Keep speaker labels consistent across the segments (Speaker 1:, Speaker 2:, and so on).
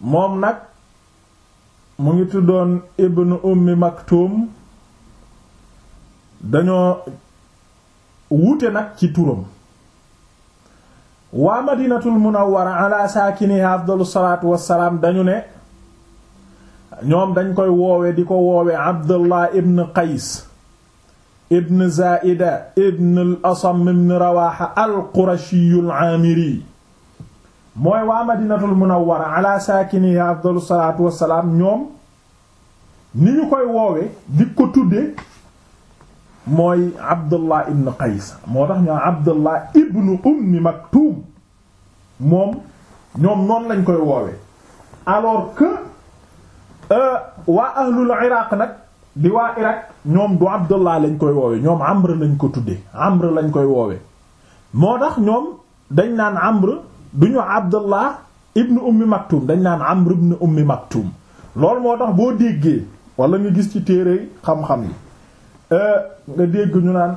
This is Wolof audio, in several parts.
Speaker 1: moom nag mu ngi tuddoon ibnu ummi maktum dañoo wuute nag ci turam waa madinatul munawwara ala saakiniha afdalu salaatu wassalaam dañu ne ñoom dañ koy woowe di ko woowe abdullah ibn qays ibn zaida ibn asam ibn rawaxa al qurashiyu al mooy waa madinatul munawwara ala saakiniha afdalu salaatu wassalaam ñoom ni koy woowe di ko tudde mooy abdullah ibn qays moo tax ñoo abdullah ibn ummi maktuum moom ñoom noonu lañ koy woowe alors que euh, waa ahlul iraq nag di waa iraq ñoom du abdullah lañ koy woowe ñoom amr lañ ko tudde amr lañ koy woowe moo tax ñoom dañ naan amr duñu abdullah ibnu ummi maktum dañ naan amr ibnu ummi maktum lool moo tax boo déggee walla nga gis ci téere xam-xam yi euh, nga dégg ñu naan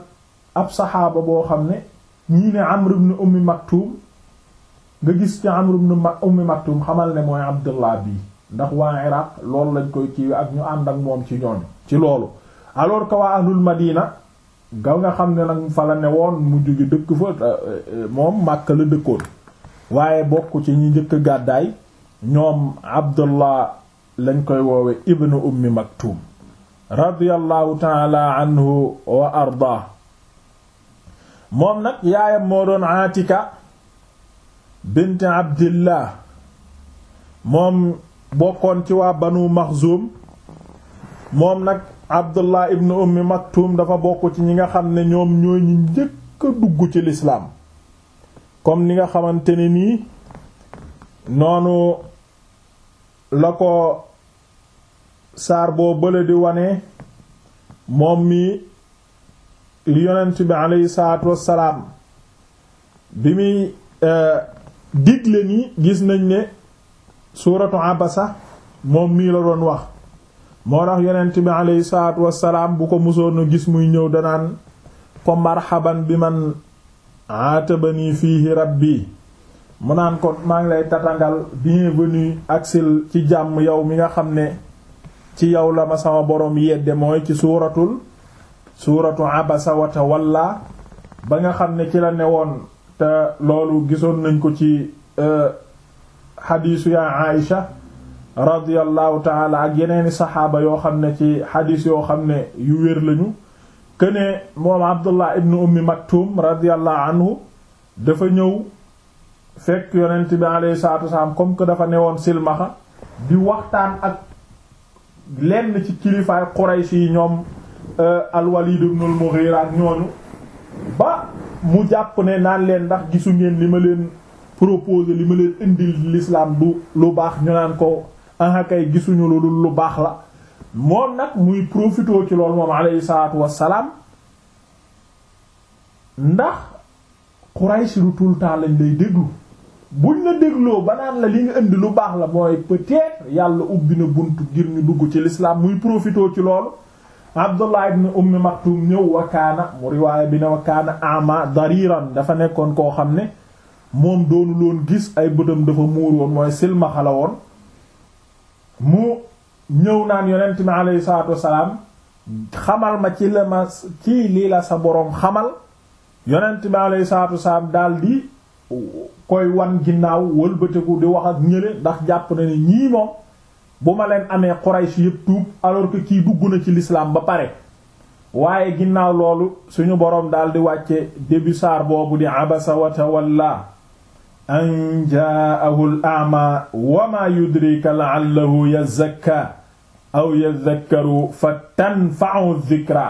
Speaker 1: ab saxaaba boo xam ne ñii ne amr ibnu ummi maktum nga gis ci amr ibnu ummi maktum xamal ne mooy abdullah bii ndax waa iraq loolu lañ koy kii ak ñu ànd ak moom ci ñoon ci loolu alors que waa ahlul madina gaw nga xam ne nag fa fala ne woon mu jóge dëkk fa euh, euh, moom màkk la dëkkoon waaye bokk ci ñi njëkk gàddaay ñoom abdullah lañ koy woowe ibnu ummi maktuum radiyallahu taala anhu wa arda moom nag yaayam moo doon aatika bint abdillah moom bokkoon ci waa banu maxzuum moom nag abdullah ibnu ummi maktuum dafa bokk ci ñi nga xam ne ñoom ñooy ñi njëkk dugg ci lislaam comme ni nga xamante ne nii noonu la ko saar boo bële di wane moom mi li yonent bi aleyhi salaatu wassalaam bi muy euh, digle ni gis nañ ne suuratu abasa moom mii la doon wax moo tax yonent bi aleyhi salaatu wassalaam bu ko musoon a gis muy ñëw danaan ko marhaban bi man ba nii fiihi rab mu mënaan ko maa ngi lay tatangal bienvenue aksil ci jàmm yow mi nga xam ne ci yow la ma sama boroom yedde mooy ci suuratul suuratu abasa wa tawalla ba nga xam ne ci la ne woon te loolu gisoon nañ ko ci xadiisu e, yaa Aïsha radiyallahu taala ak yeneeni saxaaba yoo xam ne ci xadiis yoo xam ne yu wér lañu këne moom abdullah ibn ummi maktum radiyallahu anhu dafa ñëw fekk yonent bi alayhi salaatu wasalaam comme que dafa newoon silmaxa di waxtaan ak lenn ci kilifaay Quraysh yi ñoom euh, al-Walid ibn al-Mughira ñooñu ba mu jàpp ne naan leen ndax gisu ngeen li ma leen proposer li ma leen indil l'islam du lu baax ñu naan ko aha kay gisuñu lu lu baax la moom nag muy profitoo ci loolu moom alayhi salaatu wassalaam ndax Quraysh lu tout le lay déglu buñ la dégloo ba la li nga indi lu baax la mooy peut yàlla ubbi na bunt ngir ñu dugg ci lislaam muy profitoo ci loolu Abdullah ibn Ummi Maktum ñëw wakaana mu riwaaya bi ne wakaana ama dariran dafa nekkoon koo xam ne moom doonu loon gis ay bëtam dafa muur woon mooy silmaxala woon mu ñëw naan yonent mi alayhi salaatu wasalaam xamal ma ci la lii la sa boroom xamal yonent bi alayhi salaatu wasalaam daal di koy wan ginnaaw wëlbatiku di wax ak ñële ndax jàpp na ne ñii bu ma leen amee Quraysh yépp tuub alors que kii dugg na ci lislaam ba pare waaye ginnaaw loolu suñu boroom dal di wàcce début saar boobu di abasa wa tawalla an ja'ahu al wa ma yudrika la'allahu yazakka aw yadhakkaru fatanfa'u dhikra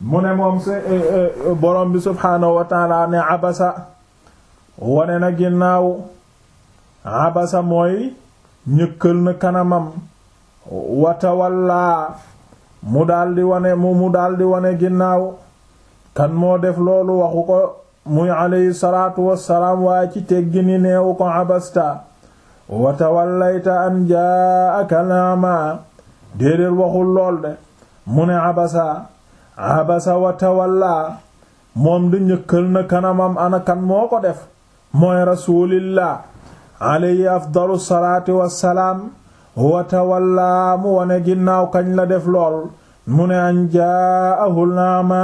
Speaker 1: mu ne moom si eh, eh, eh, borom bi subhaanahu wa ne abasa wone na ginnaaw abasa mooy ñëkkal na kanamam watawallaa mu daldi wane mu mu daldi wane ginnaaw kan moo def loolu waxu ko muy alayhi salaatu wassalaam waaye ci teggi ni neewu ko abasta watawallayta an jaa'aka lama déedéet waxul lool de mu ne abasa abasa wa moom di ñëkkal na kanamam ana kan moo ko def mooy rasulillah alayhi afdalu salaati wassalaam wa tawalla mu wane ginnaaw kañ la def lool mu ne an jaa'ahu lama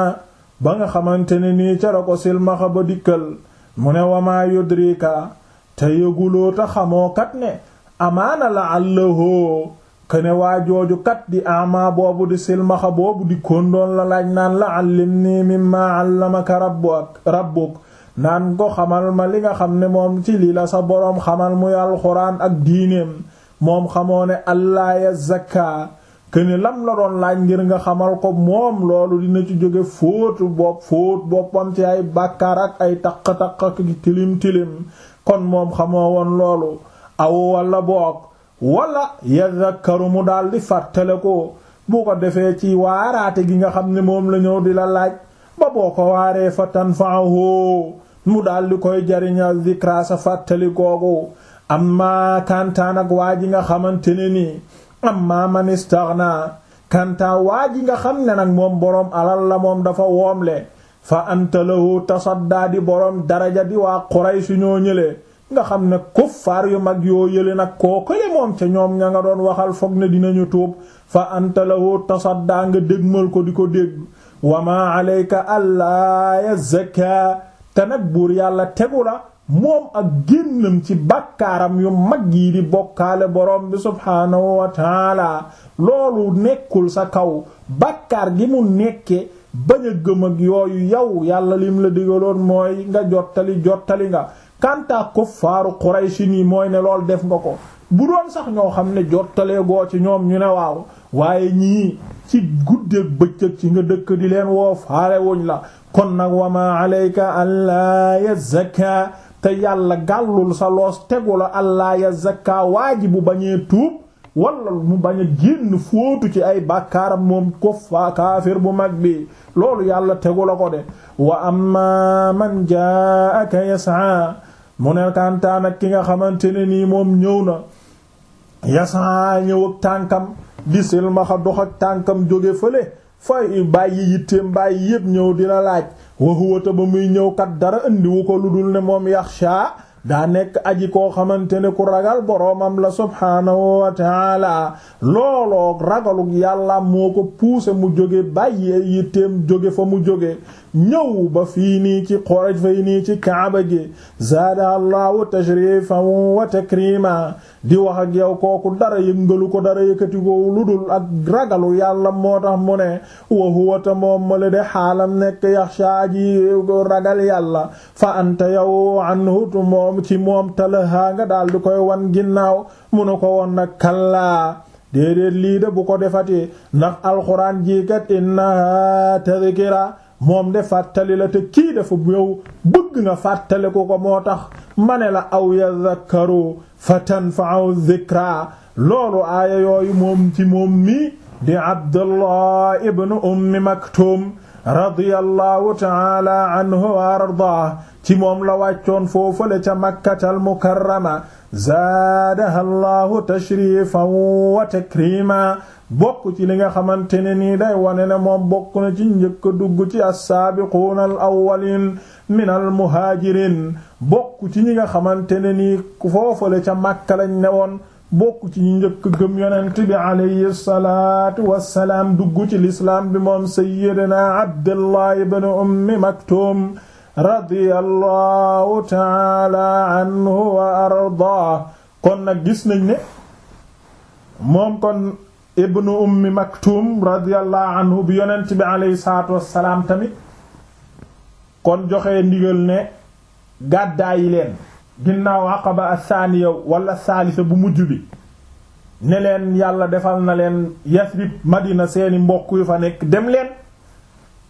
Speaker 1: ba nga xamante ne nii ca la ba dikkal mu ne wamaa yudrika te yëguloo te xamoo kat ne amaana la àllahoo këne waa jooju kat di ama boobu di silmaxa boobu di kondoon la laaj naan la allimni mimma allamaka rabbuk rabbuk naan ko xamal ma li nga xam ne moom ci lii la sa boroom xamal muy alxuraan ak diineem moom xamoo ne allah ya zakka këne lam la doon laaj ngir nga xamal ko moom loolu dina ci jóge fóotu bopp fóot boppam ci ay bàkkaar ak ay taq-taq ak tilim tilim kon moom xamoo woon loolu aw walla boog wala yadhakkaru mu daal di fàttale ko bu ko defee ci waaraate gi nga xam ne moom la ñëw di la laaj ba boo ko waaree fa tanfa'uhu mu daal di koy jariña zikra sa fàttali googu amma kantaan ak waa ji nga xamante ni nii amma man istaghna kantaa waa ji nga xam ne nag moom boroom alal la moom dafa woomle fa anta lahu tasadda borom boroom daraja di waa Quraysh ñoo ñële nga xam ne kuffaar yu mag yoo yële nag koo kële moom ca ñoom ña nga doon waxal foog ne dinañu tuub fa anta lahu tasadda nga dégmal ko di ko dégg wa ma alayka alla yazakka te nag buur yàlla tegu la moom ak génnam ci bakkaaram yu mag yi di bokkaale borom bi subhaanahu wa loolu nekkul sa kaw bakkaar gi mu nekke bañ a gëm yooyu yow yàlla lim la digaloon mooy nga jottali jottali nga kanta kuffaaru Qurayshi nii mooy ne lool def nga ko bu doon sax ñoo xam ne jottalee goo ci ñoom ñu ne waaw waaye ñii ci guddeeg bëccëg ci nga dëkk di leen woo faale wuñ la kon nag wama alayka alla yazakka te yàlla gàllul sa loos tegu la alla yazakka waa ji bu bañee tuub wala mu bañ a fóotu ci ay bàkkaaram moom ko kaafir bu mag bi loolu yàlla tegu la ko de wa amma man jaaka yas'a mu ne kantaan ak ki nga xamante ne nii moom ñëw na yasaa ñëw ak tànkam di silmaxa dox ak tànkam jóge fële fay bàyyi yitteem bàyyi yépp ñëw dina laaj waxuwata ba muy ñëw kat dara indiwu ko lu dul ne moom yaxsha daa nekk aji koo xamante ne ku ragal boroomam la subhaanahu wa taala looloo ragaluk yàlla moo ko puuse mu jóge bàyyi yitteem jóge fa mu jóge ñëw ba fii nii ci xoraj fay kaaba gi zaada allahu tashrifan wa takrima di wax ak yow kooku dara yëngalu ko dara yëkkati ko lu dul ak ragalu yàlla moo tax mu ne wa huwa ta moom ma la de nekk yaxsha ragal yàlla fa anta yow anhu moom ci moom talaha nga daal di koy wan ginnaaw mu ne ko woon nag kallaa déedéet lii bu ko defati ndax alxuraan ji kat innaha tadhkira moom de fàttali la te kii dafa yow bëgg nga fàttali ko ko moo tax ma ne la aw yadhakkaru fa tanfa'u dhikra loolu aaya yooyu moom ci moom mi di Abdullah ibn Ummi Maktum radiyallahu ta'ala anhu wa ardaah ci moom la wàccoon foofale ca Makkatal Mukarrama zaadaha llahu tashrifan wa takrima bokk ci li nga xamante ne nii day wane na moom bokk na ci njëkk a dugg ci assaabiquuna al awwalin min al muhaajiriin bokk ci ñi nga xamante ne nii foofale ca Makka ne woon bokk ci ñi njëkk gëm yonent bi alayhi salaatu wassalaam dugg ci lislaam bi moom sayyidina Abdullah ibn ummi Maktum radiyallahu taala anhu wa arda kon nag gis nañ ne moom kon ibnu ummi maktum radiyallahu anhu bi yonent bi aleyhi salaatu wassalaam tamit kon joxe ndigal ne gàddaayi leen ginnaaw aqaba asaaniya wala saalisa bu mujj bi ne leen yàlla defal na leen yasrib madina seeni mbokk yu fa nekk dem leen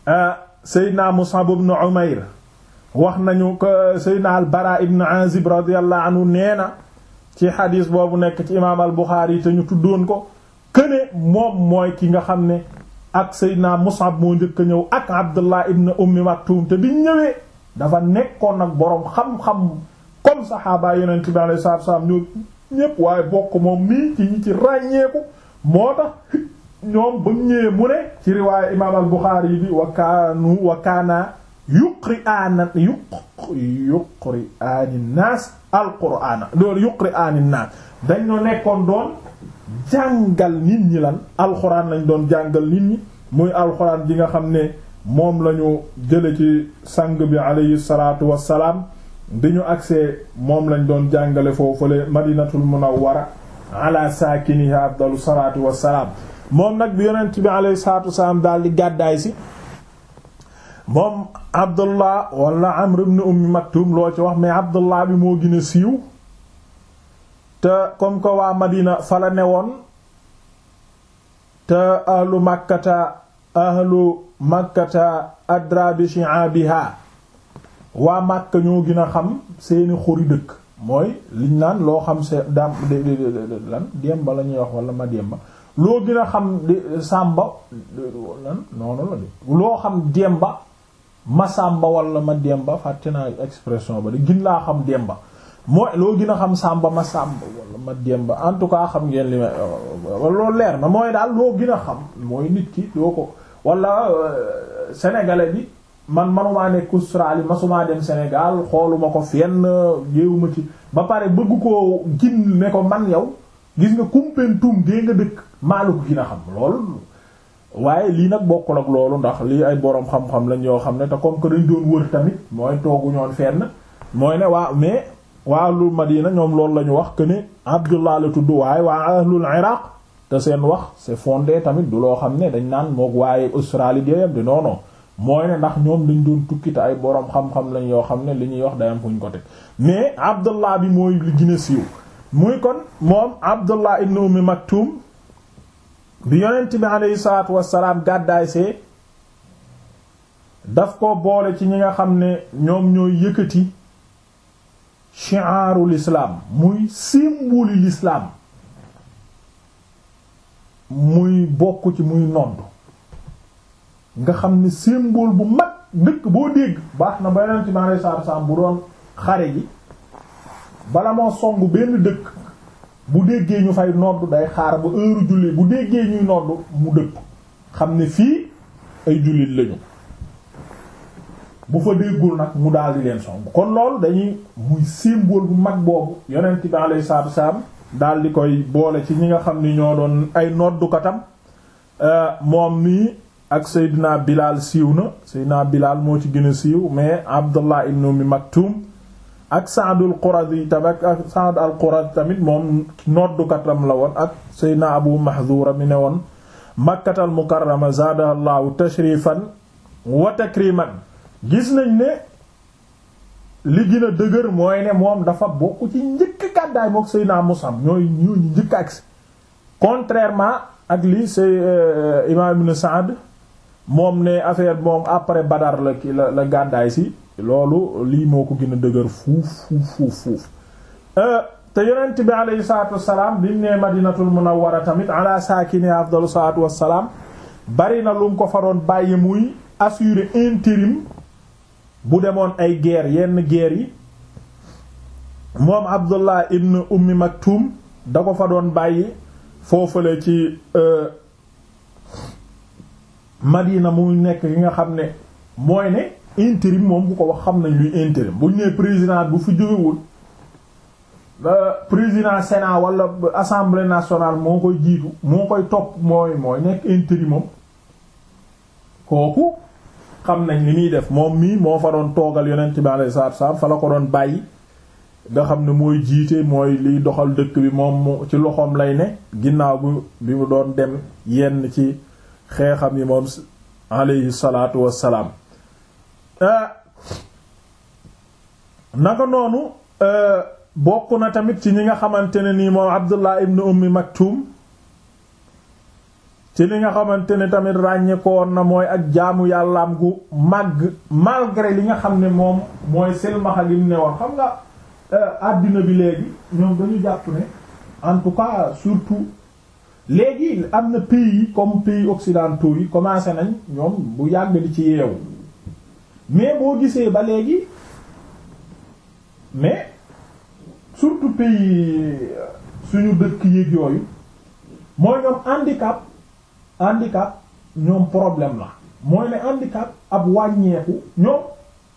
Speaker 1: ah, seydina musab ibn umayr wax nañu ko Seydina al Bara ibn Azib radiyallahu anhu nee na ci xadiis boobu nekk ci imaam al Buxaari te ñu tuddoon ko këne moom mooy ki nga xam ne ak Seydina Mus'ab moo njëkk a ñëw ak Abdullah ibn Ummi Maktum te biñ ñëwee dafa nekkoon nag boroom xam-xam comme saxaaba yonent bi alayhi salaatu salaam ñoo ñépp waaye bokk moom mii ci ñi ci ràññeeku moo tax ñoom ba ñëwee mu ne ci riwaayu imaam al bi wa kaanu yuqri'aana yuqri'aani naas alqur'aana loolu yuqri'aani naas dañ no nekkoon doon jàngal nit ñi lan alxuraan lañ doon jàngal nit ñi muy alxuraan ji nga xam ne moom lañu jële ci sang bi alayhi salaatu wassalaam bi ñu agsee moom lañ doon jàngale foofule madinatul munawwara ala saakiniha afdalu salaatu wassalaam moom nag bi yonent bi alayhi salaatu wassalaam daal di gàddaay si moom abdullah wala amr ibn ummi maktum loo ci wax mais abdullah bi moo gin a siiw te comme que waa madina fala woon te ahlu makkata ahlu makkata adra bi shi'abiha waa màkka ñoo gën a xam seeni xuri dëkk mooy liñ naan loo xam se dam lan ba la ñuy wax wala ma Demba loo gën a xam di Samba lan noonu loo xam Demba masamba wala ma demba fàtte naa expression ba de gin laa xam demba mooy loo gën a xam sàmba ma sàmba wala ma demba en tout cas xam ngeen li ma euh, loolu leer na mooy daal loo gën a xam mooy nit ki loo ko wala euh, sénégalais bi man manumaa nekk Australie masumaa dem Sénégal xooluma ko fenn géewuma ci ba pare bëgg ko gin ne ko man yow gis nga Koumpentoum dee nga dëkk maa la a xam lool waaye lii nag bokkul ak loolu ndax lii ay boroom xam-xam lañ yoo xam ne te comme que dañ doon wër tamit mooy toogu ñoon mooy ne waa mais waa ahlul madina ñoom loolu la ñu wax que ne Abdullah la tudd waaye waa ahlul iraq te seen wax c'est fondé tamit du loo xam ne dañ naan moog waaye Australie géeyam di non mooy ne ndax ñoom dañ doon tukki te ay boroom xam-xam lañ yoo xam ne li ñuy wax day am fuñ ko teg mais Abdullah bi mooy li gën a siiw muy kon moom Abdullah ibn Ummi Maktum bi yonent bi aleyhi salaatu wassalaam daf ko boole ci ñi nga xam ne ñoom ñooy yëkkati chi'aarul islaam muy symbole lislaam muy bokk ci muy nodd nga xam ne symbole bu mag dëkk boo dégg baax na ba yonent bi aleyhi salaatu wassalaam bu doon xare yi bala moo song benn dëkk bu déggee ñu fay nodd day xaar ba heure julli bu déggee ñuy nodd mu dëpp xam ne fii ay jullit lañu bu fa déggul nag mu daal leen song kon loolu dañuy muy symbole bu mag boobu yonent ci alayhi salaatu wassalaam daal di koy boole ci ñi nga xam ni ñoo doon ay noddukatam euh, moom nii ak naa Bilal siiw na naa Bilal moo ci gën a siiw mais Abdullah ibn mag tuum ak Saadul Qurazi tamit ak Saad al Qurazi tamit moom noddukatam la woon ak Seydina Abu Mahzura mi ne woon Makkatal Mukarrama zaadaha Allahu tashrifan wa takriman gis nañ ne li gën a dëgër mooy ne moom dafa bokk ci njëkk gàddaay mook Seydina Musab ñooy ñoo ñu njëkk agsi contrairement ak li say euh, Imaam Ibn Saad moom ne affaire moom après Badar la la gàddaay si loolu lii moo ko gën a dëgër fuuf fuuf fuuf euh, te yonent bi aleyhi salaatu bi mu nee madinatul munawwara tamit ala saakini afdalu salaatu wassalaam bari na lu mu ko fa doon bàyyi muy assurer intérim bu demoon ay guerre yenn guerre yi moom abdullah ibn ummi maktum da ko fa doon bàyyi foofale ci euh, madina muy nekk yi nga xam ne mooy ne intérim moom bu ko wax xam nañ luy intérim buñ nee président bu fi jógewul président Sénat wala assemblée nationale moo koy jiitu moo koy topp mooy mooy nekk intérim moom kooku xam nañ li muy def moom mii moo fa doon toogal yonent bi alayhi salaatu salaam fa la ko doon bàyyi nga xam ne mooy jiite mooy liy doxal dëkk bi moom ci loxoom lay ne ginnaaw bi mu doon dem yenn ci xeexam yi moom alayhi salaatu wassalaam Euh, naka noonu euh, bokk na tamit ci ñi nga xamante ne nii moom Abdullah ibn Ummi Maktum ci ni nga xamante ne tamit ràññeekoon na mooy ak jaamu yàllaam gu màgg malgré li nga xam ne moom mooy selmaxa lim ne woon xam nga euh, àddina bi léegi ñoom dañu jàpp ne en tout cas surtout léegi am na pays yi comme pays occidentaux yi commencé nañ ñoom bu yàgg di ci yeewu mais boo gisee ba léegi mais surtout pays euh, suñu dëkk yéeg yooyu mooy ñoom handicap handicap ñoom problème la mooy ne handicap ab wàññeeku ñoom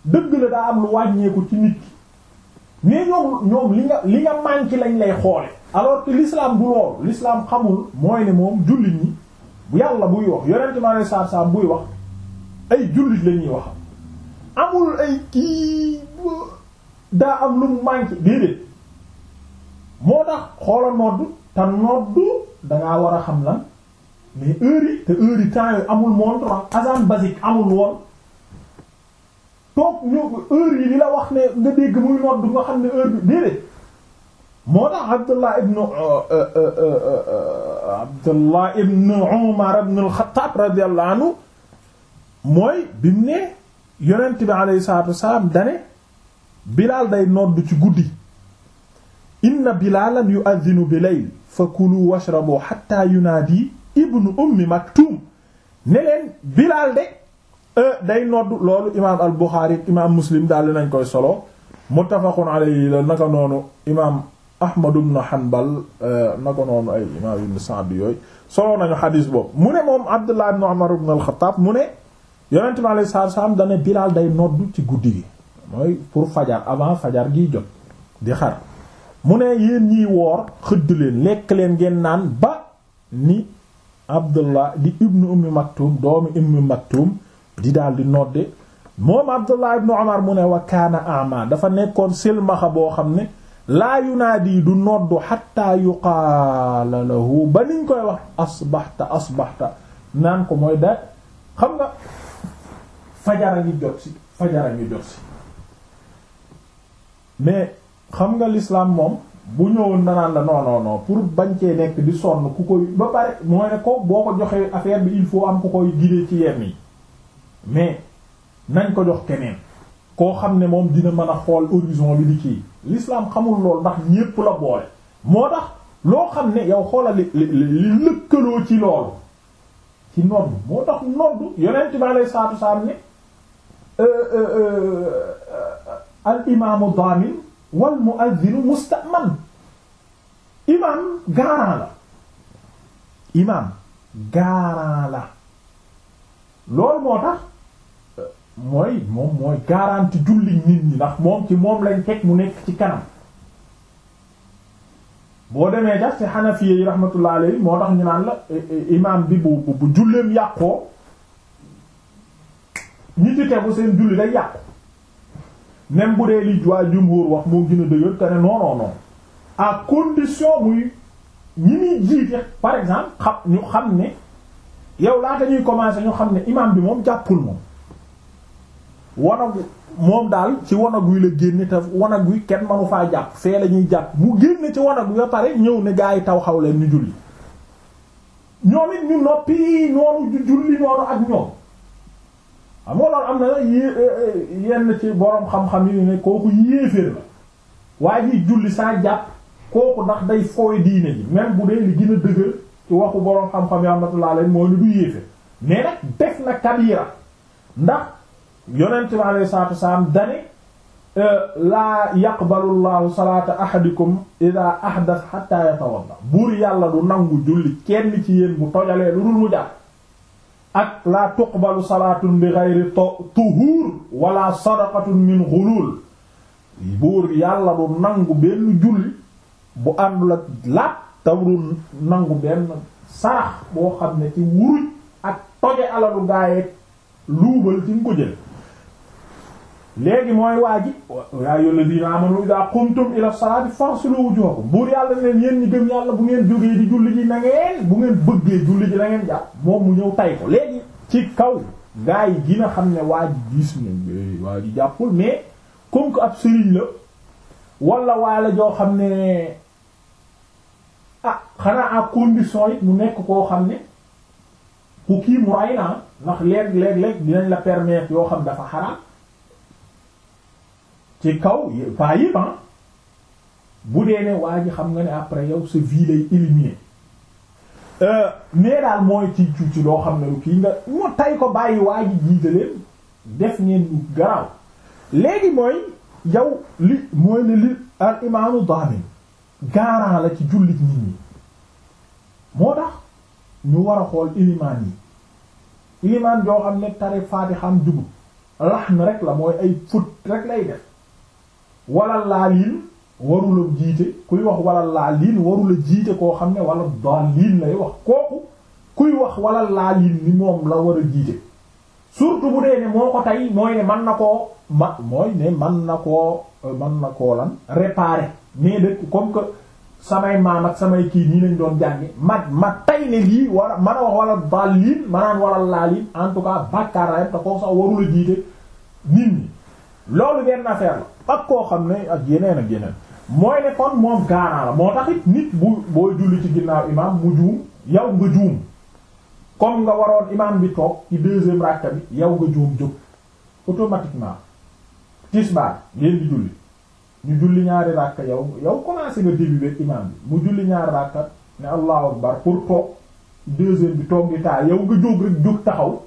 Speaker 1: dëgg la daa am lu wàññeeku ci nit ki mais ñoom ñoom li nga li nga manqué lañ lay xoole alors que l'islam du loolu l'islam xamul mooy ne moom jullit ñi bu yàlla buy wax yonent ma ne saab saab buy wax ay jullit lañuy wax amul ay kii daa am lu mu moo tax xoola nodd te nodd dangaa war a xam lan mais heure yi te heure yi temps yooyu amul montre azan basique amul woon toog ñu heure li la wax ne nga dégg muy nodd nga xam ne heure bi moo tax Abdullah ibn euh, euh, euh, Abdullah ibn Umar ibn al mooy bi mu ne yonent bi alayhi salaatu wasalaam dane bilaal day nodd ci guddi inna bilaalan yu'adhinu bi layl fa kulu washrabu hatta yunaadi ibnu ummi maktum ne leen bilaal de e, day nodd loolu imaam al buxaari imaam muslim daal nañ koy solo muttafaqun alayhi la naka noonu imaam ahmad ibn hanbal e, naka noonu ay imaam ibn sa'd yooyu solo nañu xadiis boobu mu ne moom abdullah ibn umar ibn al mu ne yonent bi alayhi salaatu salaam dana Bilaal day noddu ci guddi gi mooy pour fajar avant fajar giy jot di xar mu ne yéen ñiy woor xëdd leen lekk leen ngeen naan ba ni Abdullah di ibnu ummi Maktum doomi ummi Maktum di daal di nodde moom Abdullah ibnu Umar mu ne wa kaana ama dafa nekkoon silmaxa boo xam ne laa yunaadi du noddu xatta yuqaala lahu ba niñ koy wax asbaxta asbaxta naan ko mooy da xam nga fajara ngi jot si fajara ngi jot si mais xam nga lislaam moom bu ñëwoon nanaan la non pour bañ cee nekk di sonn ku koy ba pare moo ne boo ko joxee affaire bi il faut am ku koy guider ci yenn yi mais nañ ko jox keneen koo xam ne moom dina mën a xool horizon bi di kii l'islam xamul lool ndax ñépp la boole moo tax loo xam ne yow xoolal li li lëkkaloo ci loolu ci nodd moo tax nodd yonent bi alayhi salaatu salaam ne Euh, euh, euh, al imaamu daamin wal muazzinu mustaman imaam garant la imaam garant la loolu moo tax mooy moom mooy garanti julli nit ñi ndax moom ci moom lañ teg mu nekk ci kanam boo demee jax ci xanafiye yi rahmatullah moo tax ñu naan la imaam bi bu bu julleem yàqoo ñi ci tegu seen julli day yàqu même bu dee li waa jumhur wax moo gën a dëgër te ne non non non condition muy ñi muy jiite par exemple xam ñu xam ne yow laata ñuy commencer ñu xam ne imam bi moom jàppul moom wanag moom daal ci wanag wi la génne te wanag kenn manu faa jàpp see la ñuy jàpp mu génne ci wanag wi ba pare ñëw ne gaa yi taw xaw leen ñu julli ñoom it ñu noppi noonu julli noonu ak ñoom xam loolu am na yenn ci borom xam-xam yi ne kooku yéeféer la waaye julli saa jàpp kooku ndax day fooy diine ji même bu dee li gën a dëgër ci waxu borom xam-xam yi rahmatullah alayhi moo ni du yéeféer mais nag def na kabira ndax yonent bi alayhi salaatu wasalaam dane euh, laa yaqbalu llahu salaata ahadikum ida ahdas hatta yatawadda buur yàlla du nangu julli kenn ci yéen bu tojalee lu dul mu jàpp ak la tuqbalu salaatun bi ghayri tuhuur wala sadaqatun min ghulul buur yàlla du nangu benn julli bu àndul ak laat tawru nangu benn sarax boo xam ne ci wuruj ak toje alalu gaayeeg luubal ci nga ko jël léegi mooy waa ji yaa ayyuha lladiina aamanu idaa qumtum ila salaati fagsilu wujuuhakum buur yàlla ne yéen ñi gëm yàlla bu ngeen jógee di julli ji na ngeen bu ngeen bëggee julli ji na ngeen jàpp moom mu ñëw tay ko léegi ci kaw gaa yi dina xam ne waa ji gis nañ eh, waa ji jàppul mais comme que ab sëriñ la wala waa la joo xam ne ah xanaa à condition it mu nekk koo xam ne ku kii mu ray na ndax léeg-léeg dinañ la permettre yoo xam dafa xaraam ci kaw pas yëpp bu dee ne waa ji xam nga ne après yow sa vie lay éliminer euh, mais daal mooy ci ci loo xam ne lu kii nga moo tay ko bàyyi waa ji jiite def ngeen lu garaaw léegi mooy yow li mooy ne li al imaamu daamin la ci jullit nit ñi moo tax ñu war a xool ilimaan yi ilimaan joo xam ne tari faati xam jubut lax na rek la mooy ay fut rek lay def wala laaliin warula jiite kuy wax wala laaliin warula jiite koo xam ne wala daaliin lay wax kooku kuy wax wala laaliin ni moom la war a jiite surtout bu dee ne moo ko tey mooy ne mën na koo ma mooy ne na koo euh, mën na koo lan réparer samay maam samay kii nii doon jànge ma ma tey ne lii war a mën a wax wala daaliin manaan wala laaliin en tout cas bàkkaar la te koo sax warula jiite nit ñi loolu benn affaire la ak koo xam ne ak yeneen ak yeneen mooy ne kon moom gaanaa la moo taxit nit bu booy julli ci ginnaaw imaam mu juum yow nga juum comme nga waroon imaam bi toog ci deuxième rakka bi yow nga juum jóg automatiquement tisbaar ngeen di julli ñu julli ñaari rakka yow yow commencé nga début imaam bi mu julli ñaari rakka ne allahu akbar pour toog deuxième bi toog di taa yow nga jóg rek jóg taxaw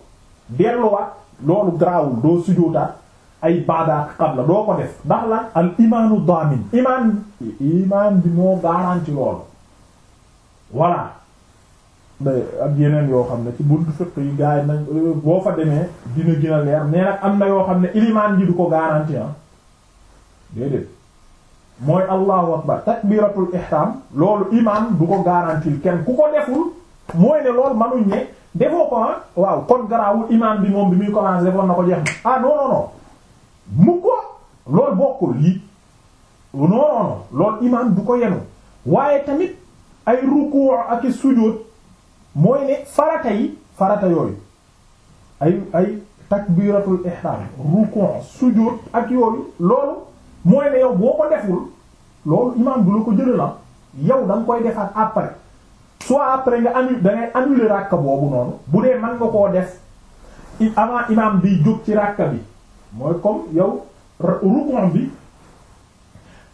Speaker 1: delluwaat loolu garaawul doo sujjóotaat ay baadaak qabla doo ko def ndax la al imaanu daamin imaan imaan bi moo garanti loolu voilà ak yeneen yoo xam ne ci buntu fiq yi gars yi nañ boo fa demee dina gën leer mais am na yoo xam ne ilimaan bi du ko garanti ah déedéet mooy allahu akbar takbiratul ihram loolu imaam du ko garantil kenn ku ko deful mooy ne loolu manuñ ne defoo ko ah waaw kon garaawul imaam bi moom bi muy commencé defoon na ko jeex na ah non non mu ko loolu bokkul lii non non loolu imaam du ko yenu waaye tamit ay ruku ak i sujud mooy ne farata yi farata yooyu ay ay takbiratul ihram ruku sujud ak yooyu loolu mooy ne yow boo ko deful loolu imaam du la ko jëlee la ah. yow da koy defaat après soit après nga annu da ngay annuler boobu noonu bu dee mën nga koo def avant imaam bi jóg ci ràkk bi. mooy comme yow rukon bi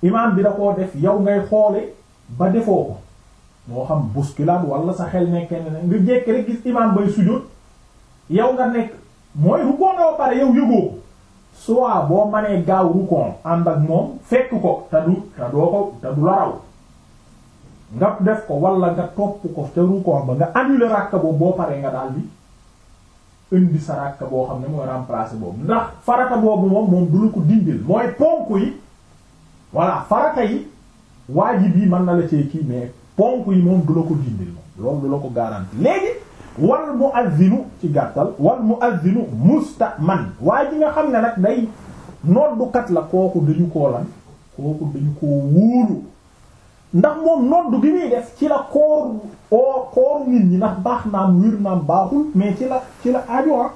Speaker 1: imaam bi da koo def yow ngay xoole ba defoo ko moo xam bousculade wala sa xel nekkee ne nga jekk rek gis imaam bay sujjóot yow nga nekk mooy rukon nga ba pare yow yëgoo ko soit boo manee gaaw rukon ànd ak moom fekk ko te du te doo ko te du la nga def ko wala nga topp ko te rukon ba nga annuler rakka boobu boo paree nga daal bi indi sa boo xam ne mooy remplacer boobu ndax farata boobu moom moom du la ko dindil mooy ponk yi voilà farata yi waajib yi mën na la cee kii mais ponk yi moom du la ko dindil moom loolu du la ko garanti léegi wal muazzinu ci gàttal wal muazzinu mustaman waa ji nga xam ne nag day noddukat la kooku dañu koo lan kooku dañu koo wóolu ndax moom noddu bi muy def ci la kooru oo kooru nit ñi ndax baax naam wir naam baaxul mais ci la ci la ajowa ah.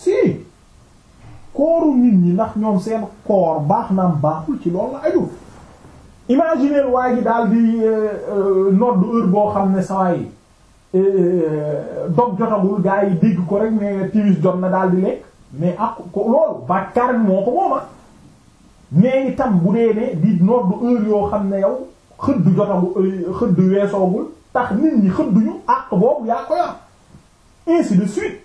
Speaker 1: si kooru nit ñi ndax ñoom seen koor baax naam baaxul ci loolu la aju imaginer waa ji daal di euh, euh, noddu heure boo xam ne sawaay euh, dog jotagul gaa yi dégg ko rek ne tiwis jot na daal di lekk mais ak ko loolu bàkkaar moo ko mooma ah. mais itam bu dee ne di noddu heure yoo xam ne yow xëdd jotagu euh, xëdd weesoogul tax nit ñi xëdduñu àq boobu yaa ko yor ainsi de suite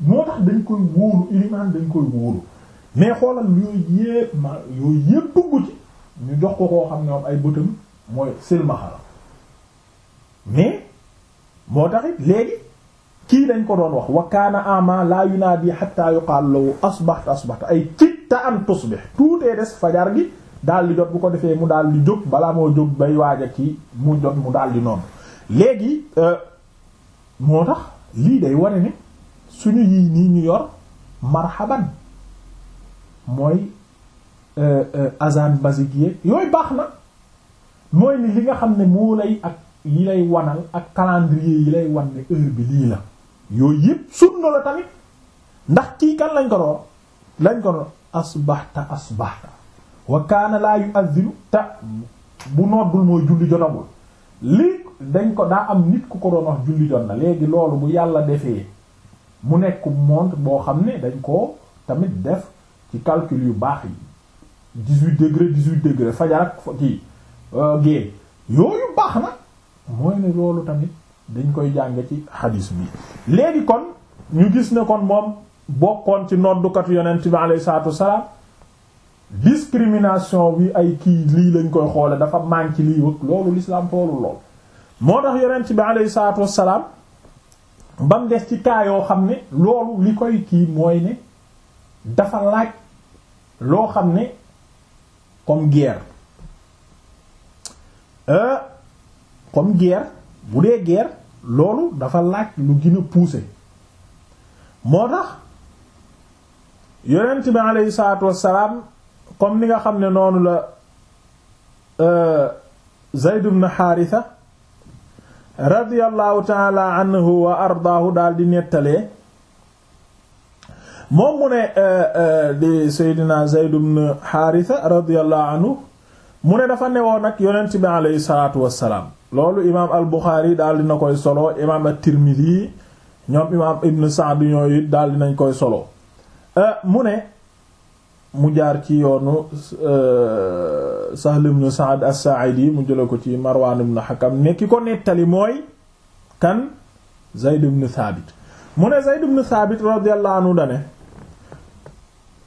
Speaker 1: moo tax dañ koy wóolu ilimaan dañ koy wóolu mais xoolal yooyu yépp ma yooyu yépp dugg ci ñu jox ko koo xam ne moom ay bëtam mooy silmaxala mais moo taxit léegi kii dañ ko doon wax wa kaana ama la yunaadi hatta yuqaal lahu asbahta asbahta ay citta an tusbih tuutee des fajar gi daal di jot bu ko defee mu daal di jóg balaa moo jóg bay waaj a kii mu jot mu daal di noonu léegi euh, moo tax lii day ware ne suñu yii nii ñu yor marhaban mooy euh, euh, azan basique yeeg yooyu baax na mooy ni li nga xam ne moo lay ak yi lay wanal ak calendrier yi lay wan ne heure bi lii la yooyu yëpp sunna la tamit ndax kii kan lañ ko doon lañ ko doon asbaxta asbaxta wa kaana laa yu azzinu te bu noddul mooy julli jotagul lii dañ ko daa am nit ku ko doon wax julli jot na léegi loolu bu yàlla defee mu nekk montre boo xam ne dañ ko tamit def ci calcule yu baax yi dix-huit degré dix-huit degré fajar ak kii euh, géey yooyu baax na mooy ne loolu tamit dañ koy jàng ci xadiis bi léegi kon ñu gis ne kon moom bokkoon ci noddukatu yonent bi alayhi salaatu wassalaam discrimination bi ay kii lii lañ koy xoole dafa manque lii wëg loolu l'islam xoolul lool moo tax yonent bi alayhi salaatu wassalaam ba mu ci kaa yoo xam ne loolu li koy kii mooy ne dafa laaj loo xam ne comme guerre euh comme guerre bu dee guerre loolu dafa laaj lu gën a poussé moo tax yonent bi aleyhi salaatu wassalaam comme ni nga xam ne noonu la euh, Zayd ibn Haritha radiyallahu taala anhu wa ardaahu daal di nettalee moom mu ne euh, euh, di Seydina Zayd ibn Haritha radiyallahu anhu mu ne dafa newoon nag yonent bi aleyhi salaatu wassalaam loolu imaam al-Bukhari daal dina koy solo imaam at-Tirmidhi ñoom imaam Ibn Sa'd ñooyu daal dinañ koy solo euh, mu ne mu jaar ci yoonu euh, Sahl ibn Sa'd as-Sa'idi mu jële ko ci Marwan ibn Hakam ne ki ko nettali mooy kan Zayd ibn Thabit mu ne Zayd ibn Thabit radiyallahu anhu dane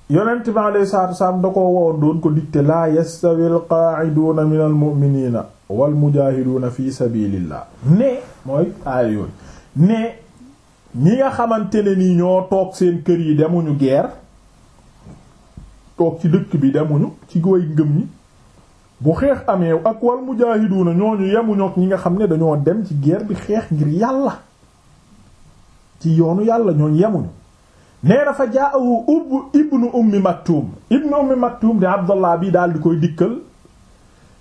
Speaker 1: yonent bi alayhi salaatu wasalaam da ko wowoon doon ko digte laa yastawi alqaa'iduuna min almu'miniina wal mujaahiduuna fi sabiilillah ne mooy aaya yooyu ne ñi nga xamante ne ni ñoo toog seen kër yi demuñu guerre toog ci dëkk bi demuñu ci way ngëm ñi bu xeex amee ak wal mujaahiduuna ñooñu yemuñu ak ñi nga xam ne dañoo dem ci guerre bi xeex ngir yàlla ci yoonu yàlla ñooñu yemuñu nee na fa jaahu ubb ibnu ummi maktuum ibnu ummi maktuum di abdallah bi daal koy dikkal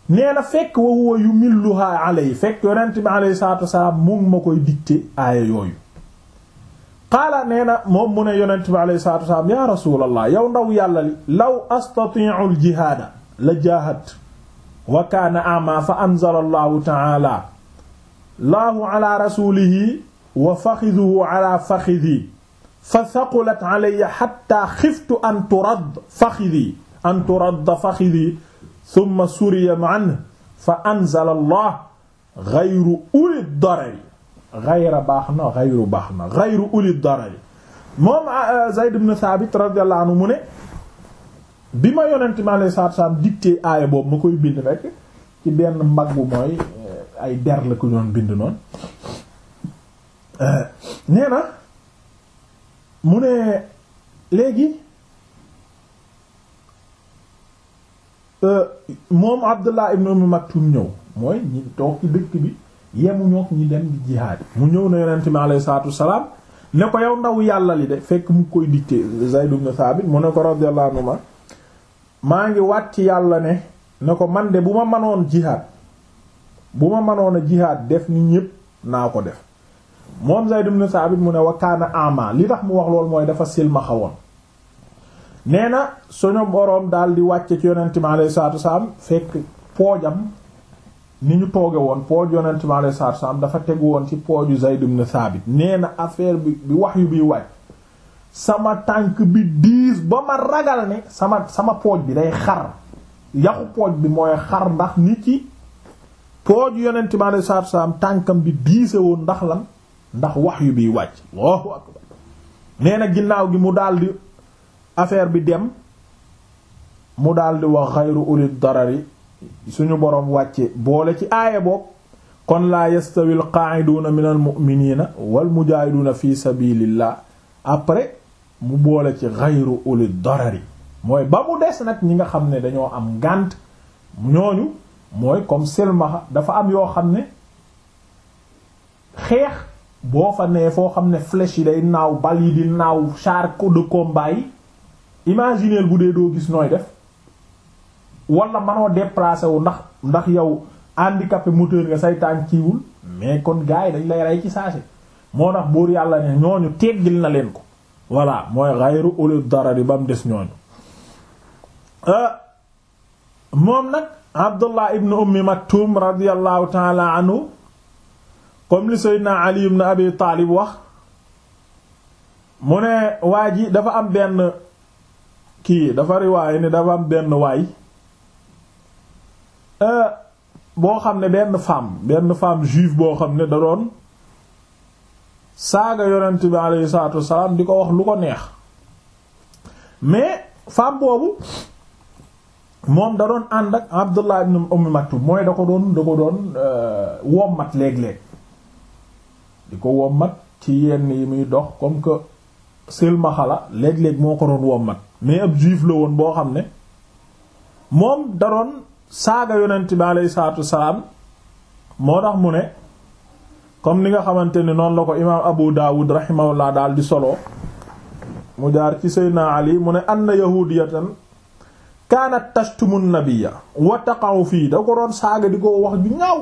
Speaker 1: nee na fekk wa huwa yu milluhaa fekk yonent bi alayhi salaatu wasalaam mu ngi ma koy dicté aaya yooyu qaala nee na moom mu ne bi alayhi salaatu wasalaam yaa rasuulallah yow ndaw yàlla law astatiicu ljihaada la jaahat wa kaana ama fa anzala allahu taala laahu ala rasulihi wa faxiduhu ala faxidi fa saqulat alayya xatta xiftu an turadd faxidi an turadd faxidi summa suriya man fa anzala allah gayru uli darari gayra baax na gayru baax na gayru uli darari moom ah, ah, Zayd ibn Thabit radiyallahu anhu mu ne bi ma yonent mi alayhi salaatu salaam dicté aaya boobu ma koy bind rek ci benn mbagg mooy eh, ay der la ko doon bind noonu eh, nee na mu ne léegi euh, moom Abdullah ibn Umm Maktum ñëw mooy ñi toog ci dëkk bi yemu ñook ñi dem di jihaad mu ñëw na yonent mi alayhi salaatu wassalaam ne ko yow ndaw yàlla li de fekk mu koy dicté Zayd ibn Thabit mu ne ko radiyallahu anhu ma maa ngi wàcc yàlla ne ne ko man de bu ma mënoon jihaad bu ma mënoon a jihaad def ni ñépp naa ko def moom Zayd ibn Thabit mu ne wa kaana ama li tax mu wax loolu mooy dafa silmaxa woon nee na suñu boroom daal di wàcce ci yonent mi alayhi salaatu wasalaam fekk poojam ni ñu tooge woon pooj yonent mi alayhi salaatu wasalaam dafa tegu woon ci pooju Zayd ibn Thabit nee na affaire bi bi wax yu biy wàcc sama tànk bi diis ba ma ragal ne sama sama pooj bi day xar yaxu pooj bi mooy xar ndax nit ci pooj yonenti mi alayhi salaatu wasalaam tànkam bi diise woon ndax lan ndax wax yu biy wàcc Allahu akbar nee na ginnaaw gi mu daldi affaire bi dem mu daldi wax xayru ulil darari suñu boroom wàcce boole ci aaya boog kon laa yastawi al qaa'iduuna min al mu'miniina wal mujaahiduuna fi sabilillah après mu boole ci xayru ulil darari mooy ba mu des nag ñi nga xam ne dañoo am ngànt ñooñu mooy comme selmaxa dafa am yoo xam ne xeex boo fa nee foo xam ne flèche yi day naaw bal yi di naaw char de combat yi imagineel bu dee doo gis nooy def wala manoo déplacé wu ndax ndax yow handicapé moteur nga say kiiwul mais kon gars yi dañ lay rey ci saase moo tax buur yàlla ne ñooñu teggil na leen ko voilà mooy xayru uli darari ba mu des ñooñu euh, moom nag abdullah ibn ummi maktum radiallahu taala comme li Seydina Ali ibn Abi Taalib wax mu ne waa ji dafa am benn kii dafa riwaaye ni dafa am benn waay euh, boo xam ne benn femme benn femme juive boo xam ne da doon saaga yonent bi alayhi salaatu wassalaam di ko wax lu ko neex mais femme boobu moom da doon ànd ak Abdullah ibn Umm Maktum mooy da ko doon da ko doon euh, wommat léeg-léeg di ko wommat ci yenn yi muy dox comme que silmaxa la léeg moo ko doon wommat mais ab juif la woon boo xam ne moom daroon saaga yonent bi alayhi salaatu wasalaam moo tax mu ne comme ni nga xamante ni noonu la ko imaam Abu Dawud rahimahullah daal di solo mu jaar ci Seydina Ali mu ne anna yahudiyatan kaanat tashtumu nabiyya wa taqa'u fii da ko doon saaga di ko wax ju ñaaw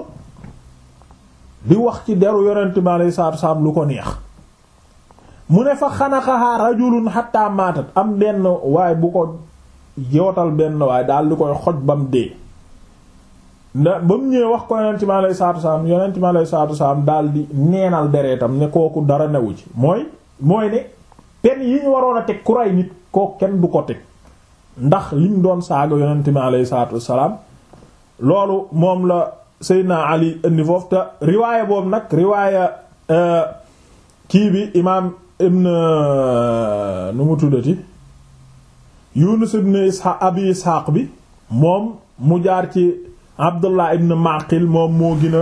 Speaker 1: di wax ci deru yonent bi alayhi salaatu lu ko neex mu ne fa xanaxahaa rajulun hatta maatat am benn waaye bu ko yootal benn waaye dal di koy xoj bam dee nda ba mu ñëwee wax ko yonent bi alayhi salaatu wasalaam yonent dal alayhi salaatu di neenal deretam ne kooku dara newu ci mooy mooy ne pen yi ñu waroon a teg ku ray nit koo kenn du ko teg ndax liñ doon saaga yonent bi alayhi loolu moom la Seydina Ali indi foofu te riwaaya boobu nag riwaaya euh, kii bi imaam ibn euh, nu mu tuddati Yunus ibn Isxaaq abi Isxaaq bi moom mu jaar ci Abdullah ibn Maqil moom moo gën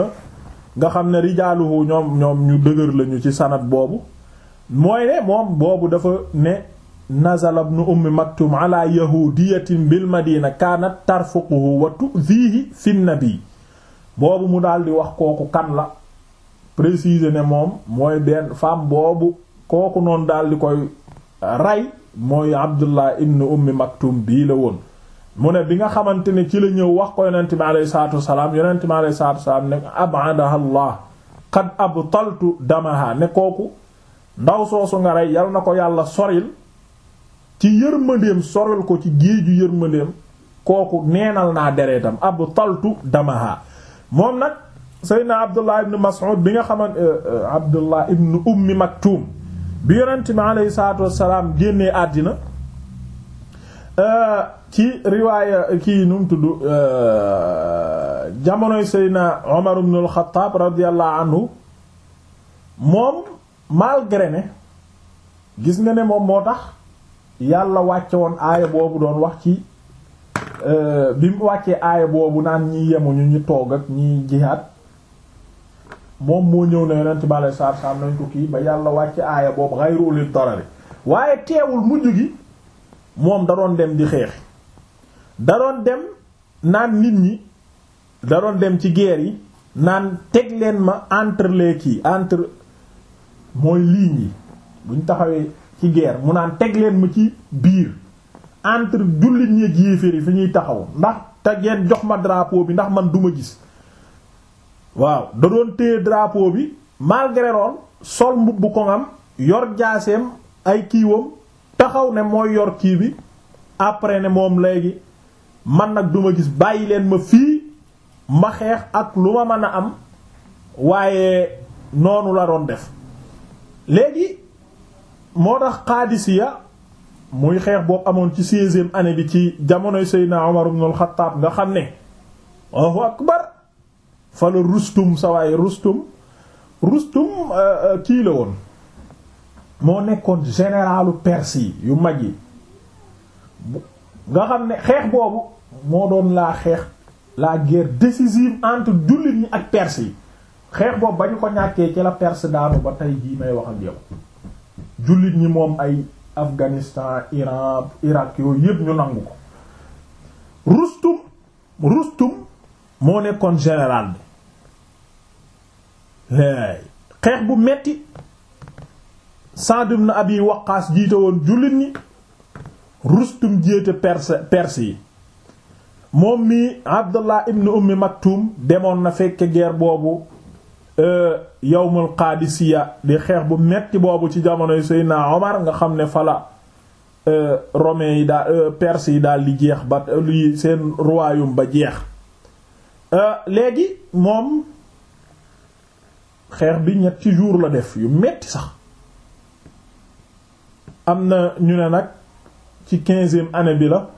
Speaker 1: nga xam ne rijaaluhu ñoom ñoom ñu dëgër lañu ci sanad boobu mooy ne moom boobu dafa ne nazala ibn ummi maktum ala yahudiyatin bil madina kaanat tarfuquhu wa tu'dhihi fi nabi boobu mu daal di wax kooku kan la préciser ne moom mooy benn femme boobu kooku noonu daal di koy rey mooy Abdullah ibn Ummi Maktum bii la woon mu ne bi nga xamante ne ci la ñëw wax ko yonente bi alayhi salaatu wasalaam yonente bi alayhi salaatu wasalaam ne abadaha Allah qad abtaltu damaha ne kooku ndaw soosu nga rey yal na ko yàlla soril ci yërmandeem soril ko ci géeju yërmandeem kooku neenal naa dereetam abtaltu damaha moom nag Seydina Abdullah ibn Mas'ud bi nga xaman euh, euh, Abdullah ibn Ummi Maktum bi yonent bi aleyhi salaatu wassalaam génnee àddina euh, ci riwaaya kii nu mu tudd jamonoy Seydina Omar ibn al-Khattab anhu moom malgré ne gis nga ne moom moo tax yàlla wàcce woon aaya boobu doon wax ci Euh, bi mu wàccee aaya boobu naan ñi yemuñu ñi toog ak ñi jihaad moom moo ñëw na yonent ci alei saatu salaam nañ ko kii ba yàlla wàcce aaya boobu xayru lil darari waaye teewul mujj gi moom da doon dem di xeex da doon dem naan nit ñi da doon dem ci guerre yi naan teg leen ma entre les kii entre mooy lignes yi buñ taxawee ci guerre mu naan teg leen ma ci biir entre jullit ñeeg yéeféer yi fi ñuy taxaw ndax te ngeen jox ma drapeau bi ndax man duma gis waaw da doon téye drapeau bi malgré sol mbubb bu ko am yor jaaseem ay kiiwam taxaw ne mooy yor kii bi après ne moom léegi man nag duma gis bàyyi leen ma fii ma xeex ak lu ma mën a am waaye noonu la doon def léegi moo tax xaadisiya muy xeex boo amoon ci seizième année bi ci jamonoy Seydina Omar ibn al-Khattab nga xam ne Allahu akbar fa la Rustum sa waay Rustum Rustum euh, euh, kii la woon moo nekkoon généralu persi yu mag yi nga xam ne xeex boobu moo doon laa xeex la guerre décisive entre jullit ñi ak Perse yi xeex boobu ba ñu ko ñàkkee ci la Perse daanu ba tey jii may wax ak yow jullit ñi moom ay Afghanistan Iran Irak yooyu yëpp ñu nangu ko Rustum Rustum moo nekkoon général bi xeex bu metti Sa'd ibn Abi Waqqas jiite woon jullit ñi Rustum jiite perse perse yi moom mi Abdullah ibn Ummi Maktum demoon na fekke guerre boobu euh, yawmul qaadisiya di xeex bu metti boobu ci jamonoy Seydina Omar nga xam ne fala euh, romains yi daal euh, perse yi daal di jeex ba euh, li seen royaume ba jeex léegi moom xeex bi ñetti jours la def yu metti sax am na ñu ne nag ci quinzième année bi la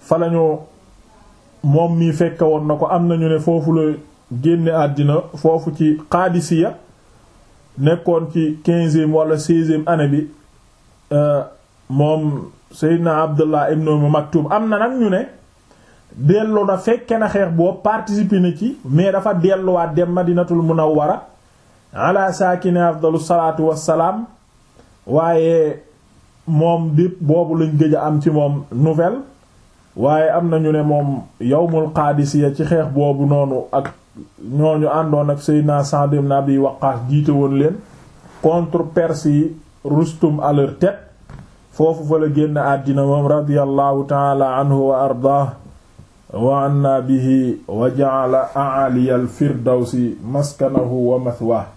Speaker 1: fa lañu moom mi fekk woon na ko am na ñu ne foofu la génne àddina foofu ci Qadisiya nekkoon ci quinzième wala seizième année bi euh, moom Seydina Abdullah ibn Umm Maktum am na nag ñu ne dellu na fekke na xeex boobu participer na ci mais dafa delluwaat dem Madinatul Munawwara ala saakini afdalu salaatu wassalaam waaye moom di boobu lañ gëj a am ci moom nouvelle waaye am na ñu ne moom yawmul Qadisiyya ci xeex boobu noonu ak ñooñu àndoon ak Seydina Sa'd ibn Abi Waqqas jiite woon leen contre Rustum à foofu fa la génn àddina moom radiyallahu ta'ala anhu wa ardaah wa anna bihi wa ja'ala a'ali firdawsi maskanahu wa mathwaahu